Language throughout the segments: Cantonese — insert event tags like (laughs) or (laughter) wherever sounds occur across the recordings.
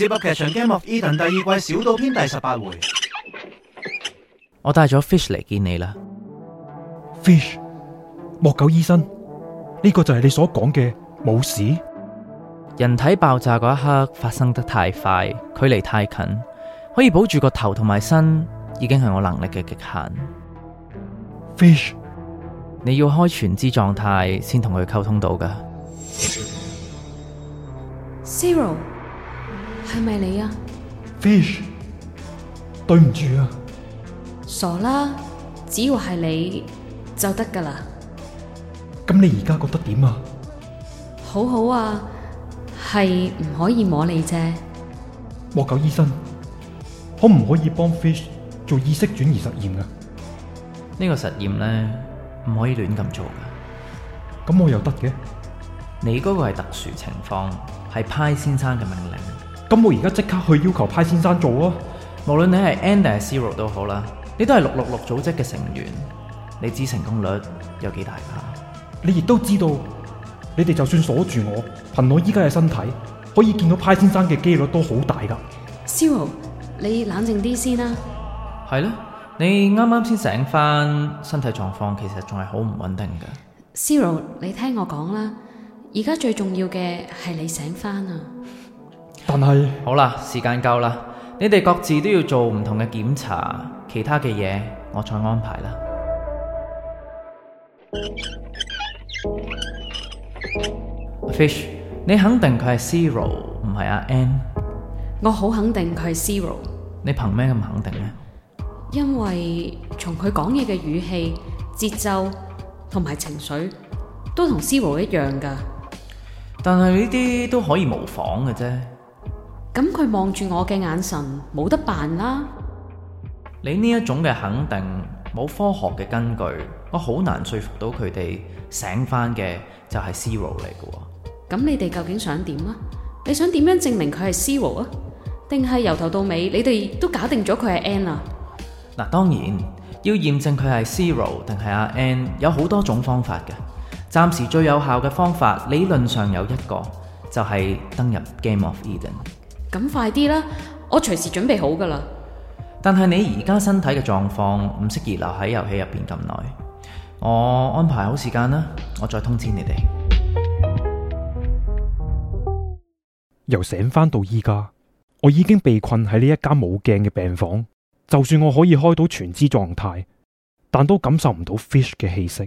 Zip 噏劇場《Game of Eden》第二季小島篇第十八回，我帶咗 Fish 嚟見你啦。Fish，莫九醫生，呢個就係你所講嘅冇事？人體爆炸嗰一刻發生得太快，距離太近，可以保住個頭同埋身，已經係我能力嘅極限。Fish，你要開全知狀態先同佢溝通到噶。Zero。係咪你啊？Fish，對唔住啊，傻啦，只要係你就得噶啦。咁你而家覺得點啊？好好啊，係唔可以摸你啫。莫九醫生，可唔可以幫 Fish 做意識轉移實驗啊？呢個實驗咧唔可以亂咁做噶。咁我又得嘅？你嗰個係特殊情況，係 Pi 先生嘅命令。咁我而家即刻去要求 Pi 先生做咯，無論你係 N 定係 Zero 都好啦，你都係六六六組織嘅成員，你知成功率有幾大噶？你亦都知道，你哋就算鎖住我，憑我依家嘅身體，可以見到 Pi 先生嘅機率都好大噶。Zero，你冷靜啲先啦，啊。係啦，你啱啱先醒翻，身體狀況其實仲係好唔穩定噶。Zero，你聽我講啦，而家最重要嘅係你醒翻啊！但係好啦，時間夠啦，你哋各自都要做唔同嘅檢查，其他嘅嘢，我再安排啦。Fish，你肯定佢係 Zero 唔係阿 N？我好肯定佢係 Zero。你憑咩咁肯定呢？因為從佢講嘢嘅語氣、節奏同埋情緒都同 Zero 一樣㗎。但係呢啲都可以模仿嘅啫。咁佢望住我嘅眼神，冇得扮啦。你呢一種嘅肯定冇科學嘅根據，我好難說服到佢哋醒返嘅就係 Zero 嚟嘅。咁你哋究竟想點啊？你想點樣證明佢係 Zero 啊？定係由頭到尾你哋都假定咗佢係 N 啊？嗱，當然要驗證佢係 Zero 定係阿 N 有好多種方法嘅。暫時最有效嘅方法理論上有一個，就係登入 Game of Eden。咁快啲啦！我隨時準備好噶啦。但係你而家身體嘅狀況唔適宜留喺遊戲入邊咁耐。我安排好時間啦，我再通知你哋。由醒返到依家，我已經被困喺呢一間冇鏡嘅病房。就算我可以開到全知狀態，但都感受唔到 Fish 嘅氣息。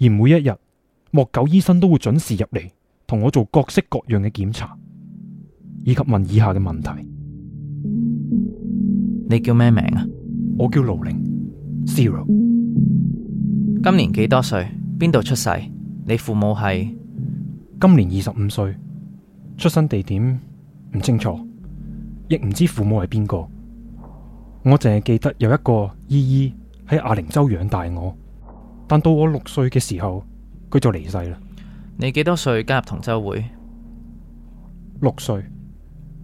而每一日，莫九醫生都會準時入嚟同我做各式各樣嘅檢查。以及問以下嘅問題：你叫咩名啊？我叫盧零，Zero。今年幾多歲？邊度出世？你父母係？今年二十五歲，出生地點唔清楚，亦唔知父母係邊個。我淨係記得有一個姨姨喺啞鈴洲養大我，但到我六歲嘅時候，佢就離世啦。你幾多歲加入同舟會？六歲。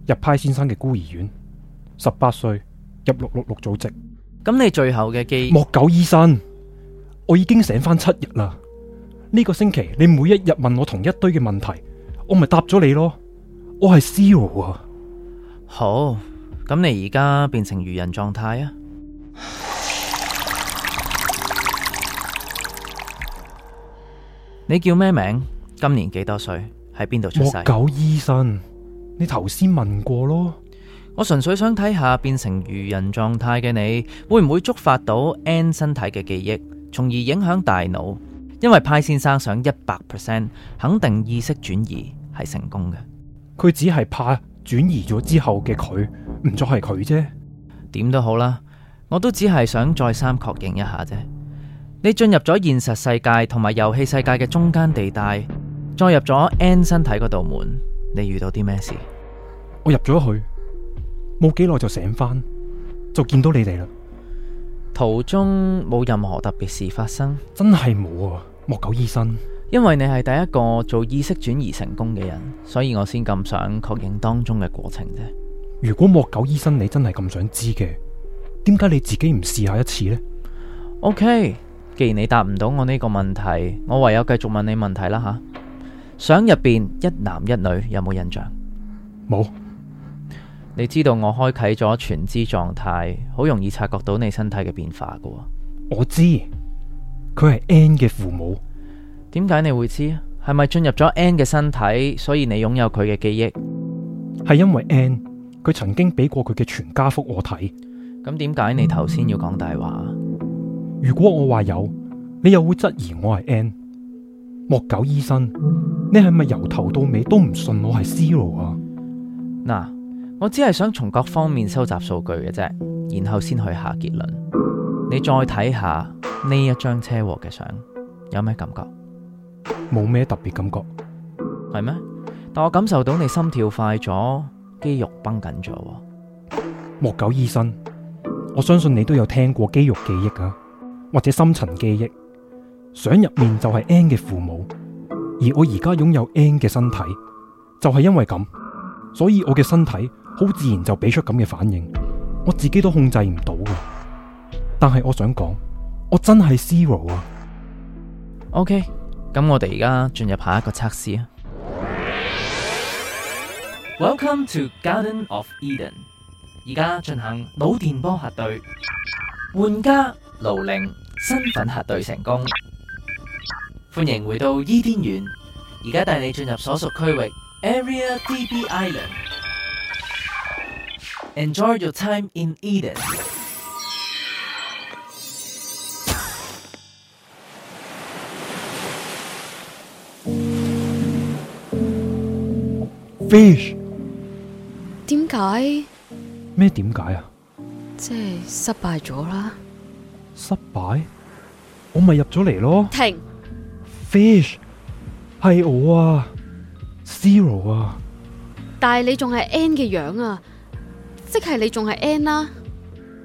入 Pi 先生嘅孤兒院，十八歲入六六六組織。咁你最後嘅記莫九醫生，我已經醒返七日啦。呢個星期你每一日問我同一堆嘅問題，我咪答咗你囉。我係 Zero 啊。好，咁你而家變成魚人狀態啊？ (laughs) 你叫咩名？今年幾多歲？喺邊度出世？莫九醫生。你頭先問過咯。我純粹想睇下變成魚人狀態嘅你，會唔會觸發到 N 身體嘅記憶，從而影響大腦？因為派先生想一百 percent 肯定意識轉移係成功嘅。佢只係怕轉移咗之後嘅佢，唔再係佢啫。點都好啦，我都只係想再三確認一下啫。你進入咗現實世界同埋遊戲世界嘅中間地帶，再入咗 N 身體嗰道門，你遇到啲咩事？我入咗去了，冇幾耐就醒翻，就見到你哋啦。途中冇任何特別事發生，真係冇啊！莫九醫生，因為你係第一個做意識轉移成功嘅人，所以我先咁想確認當中嘅過程啫。如果莫九醫生你真係咁想知嘅，點解你自己唔試下一次呢 OK，既然你答唔到我呢個問題，我唯有繼續問你問題啦吓。相入面一男一女有冇印象？冇。你知道我開啟咗全知狀態，好容易察覺到你身體嘅變化噶。我知。佢係 N 嘅父母。點解你會知？係咪進入咗 N 嘅身體？所以你擁有佢嘅記憶。係因為 N 佢曾經俾過佢嘅全家福我睇。咁點解你頭先要講大話？如果我話有，你又會質疑我係 N？莫九醫生，你係咪由頭到尾都唔信我係 Zero 啊？嗱、啊，我只係想從各方面收集數據嘅啫，然後先去下結論。你再睇下呢一張車禍嘅相，有咩感覺？冇咩特別感覺，係咩？但我感受到你心跳快咗，肌肉繃緊咗。莫九醫生，我相信你都有聽過肌肉記憶啊，或者深層記憶。相入面就係 N 嘅父母，而我而家擁有 N 嘅身體，就係因為咁，所以我嘅身體好自然就俾出咁嘅反應，我自己都控制唔到嘅。但係我想講，我真係 zero 啊。OK，咁我哋而家進入下一個測試啊。Welcome to Garden of Eden，而家進行腦電波核對，玩家盧零身份核對成功。歡迎回到伊甸園，而家帶你進入所屬區域 Area DB Island。Enjoy your time in Eden. Fish？點解？咩點解啊？即係失敗咗啦！失敗？我咪入咗嚟咯！停！Fish 係我啊，Zero 啊，但係你仲係 N 嘅樣啊，即係你仲係 N 啦、啊。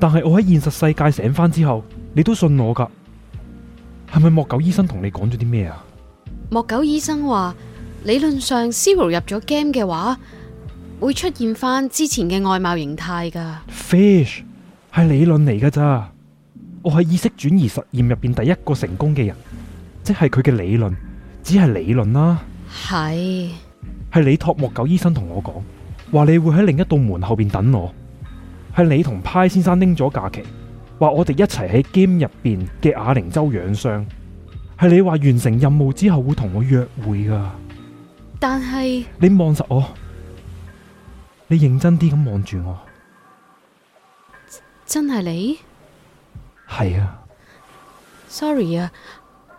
但係我喺現實世界醒翻之後，你都信我噶？係咪莫九醫生同你講咗啲咩啊？莫九醫生話，理論上 Zero 入咗 Game 嘅話，會出現翻之前嘅外貌形態噶。Fish 係理論嚟噶咋，我係意識轉移實驗入邊第一個成功嘅人。即係佢嘅理論，只係理論啦。係，係你託莫九醫生同我講，話你會喺另一道門後邊等我。係你同 Pi 先生拎咗假期，話我哋一齊喺 game 入邊嘅啞鈴洲養傷。係你話完成任務之後會同我約會噶。但係你望實我，你認真啲咁望住我，真係你？係啊。Sorry 啊。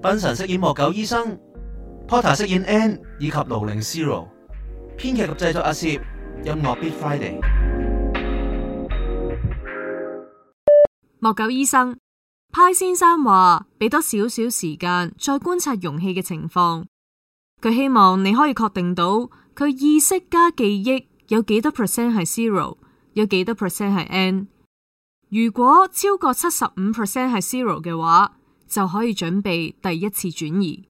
品神飾演莫九醫生，Potter 飾演 N 以及盧零 Zero。編劇及製作阿攝，音樂 Beat Friday。莫九醫生 Pi 先生話：，俾多少少時間再觀察容器嘅情況。佢希望你可以確定到佢意識加記憶有幾多 percent 係 Zero，有幾多 percent 係 N。如果超過七十五 percent 係 Zero 嘅話，就可以準備第一次轉移。